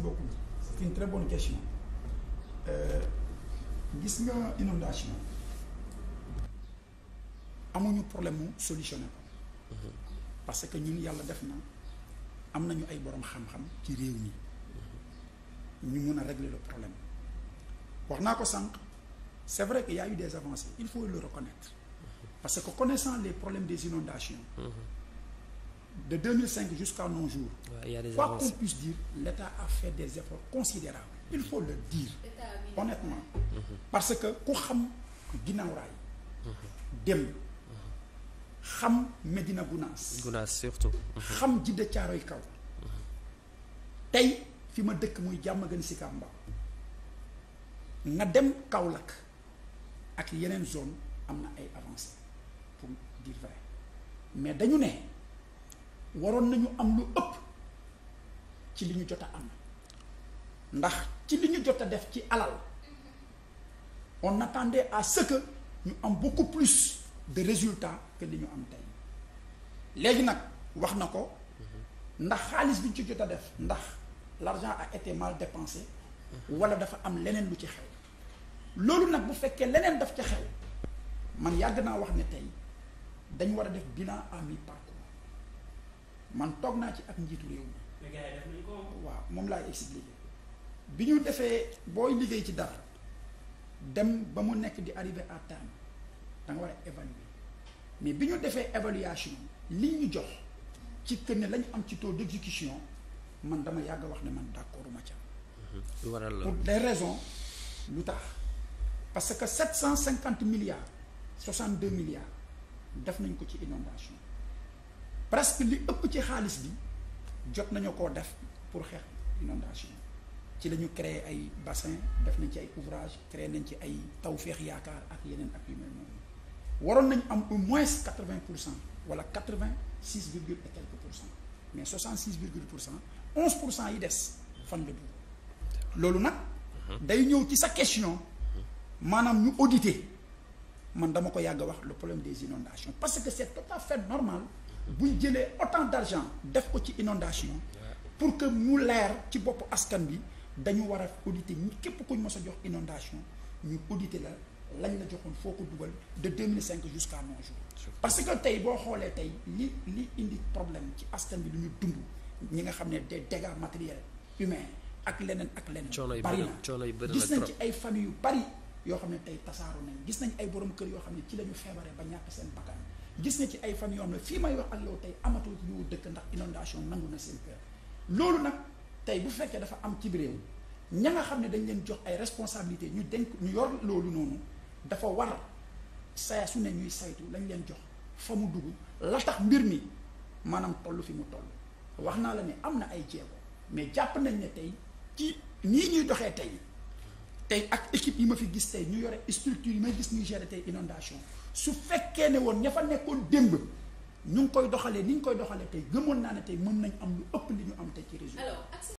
beaucoup c'est une très bonne question euh, gis nga inondation amuñu problème mu solutionné mm-hmm. parce que ñun yàlla def na am nañu ay borom xam-xam ci réew mi mm-hmm. ñu mun a régler le problème wax naa ko sànq c'est vrai que y eu des avancées il faut le reconnaître mm-hmm. parce que connaissant les problèmes des inondations de 2005 jusqu'à nos jours. Ouais, y a des quoi qu'on puisse dire l'État a fait des efforts considérables il faut le dire honnêtement mhm. parce que ku xam ginnaaw raay mhm. dem mhm. xam Médina Gounass Gounass surtout xam jidda caaroy kaw tey fi ma dëkk muy jàmm gën si Kamba nga dem Kaolack ak yeneen zone am na ay avancées pour dire vrai mais dañu ne waroon nañu am lu ëpp ci li ñu jot a am ndax ci li ñu jot a def ci alal on attendait à ce ñu am beaucoup plus de résultats que li ñu am tey léegi nag wax na ko ndax xaalis bi ñu ci jot a def ndax l'argent a été mal dépensé wala dafa am leneen lu ci xew loolu nag bu fekkee leneen daf ca xew man yàgg naa wax ne tey dañu war a def bilan à mi-parcours man toog naa ci ak njiitu réew mi waaw moom laay expliqué bi ñu defee booy liggéey ci dara dem ba mu nekk di arrivé à terme da war a évaluer mais bi ñu defee évaluation li ñu jox ci kër ne lañu am ci taux d'exécution man dama yàgg wax ne man d'accord ma ca pour des raisons lu tax parce que sept cent cinquante milliards soixante deux milliards def nañ ko ci inondation presque li ëpp ci xaalis bi jot nañu ko def pour xeex inondation ci lañu ñu créer ay bassin def nañ ci ay ouvrage créer nañ ci ay taw tawféex yaakaar ak yeneen ak yu mel waroon nañ am au moins quatre vingt pour cent wala quatre vingt six virgule et quelques pour cent mais soixante six virgule pour cent onze pour cent yi des fan la dugg loolu nag day ñëw ci sa question maanaam ñu auditer man dama ko yàgg wax le problème des inondations parce que c'est tout à fait bu ñu jëlee autant d'argent def ko ci inondation pour que mu leer ci bopp askan bi dañu war a auditer ñi képp kuñ mos a jox inondation ñu auditer la lañ la joxoon foo ko dugal de 2005 jusqu'à nos jours parce que tey boo xoolee tey li li indi problème ci askan bi lu ñu dund ñi nga xam ne des dégâts matériel humains ak leneen ak leneen bari na gis nañ ci ay famille yu bari yoo xam ne tey tasaaro nañ gis nañ ay borom kër yoo xam ne ci la feebaree ba ñàkk seen bakkan gis na ci ay fan yoon xam ne fii may wax ak yow tey amatul ñu dëkk ndax inondation nangu na seen kër loolu nag tey bu fekkee dafa am ci réew ña nga xam ne dañ leen jox ay responsabilité ñu denk ñu yor loolu noonu dafa war saa su ne ñuy saytu lañ leen jox fa mu dugg la tax mbir mi maanaam tollu fi mu toll wax naa la ne am na ay jéego mais jàpp nañ ne tey ci nii ñuy doxee tey tey ak équipe yi ma fi gis tey ñu yore structure yi may gis ñuy gérer tey inondation su fekkee ne woon ña fa nekkoon démb ñu ngi koy doxalee ni ñu koy doxalee tey gëmoon naa ne tey mën nañ am lu ëpp li ñu am tey ci région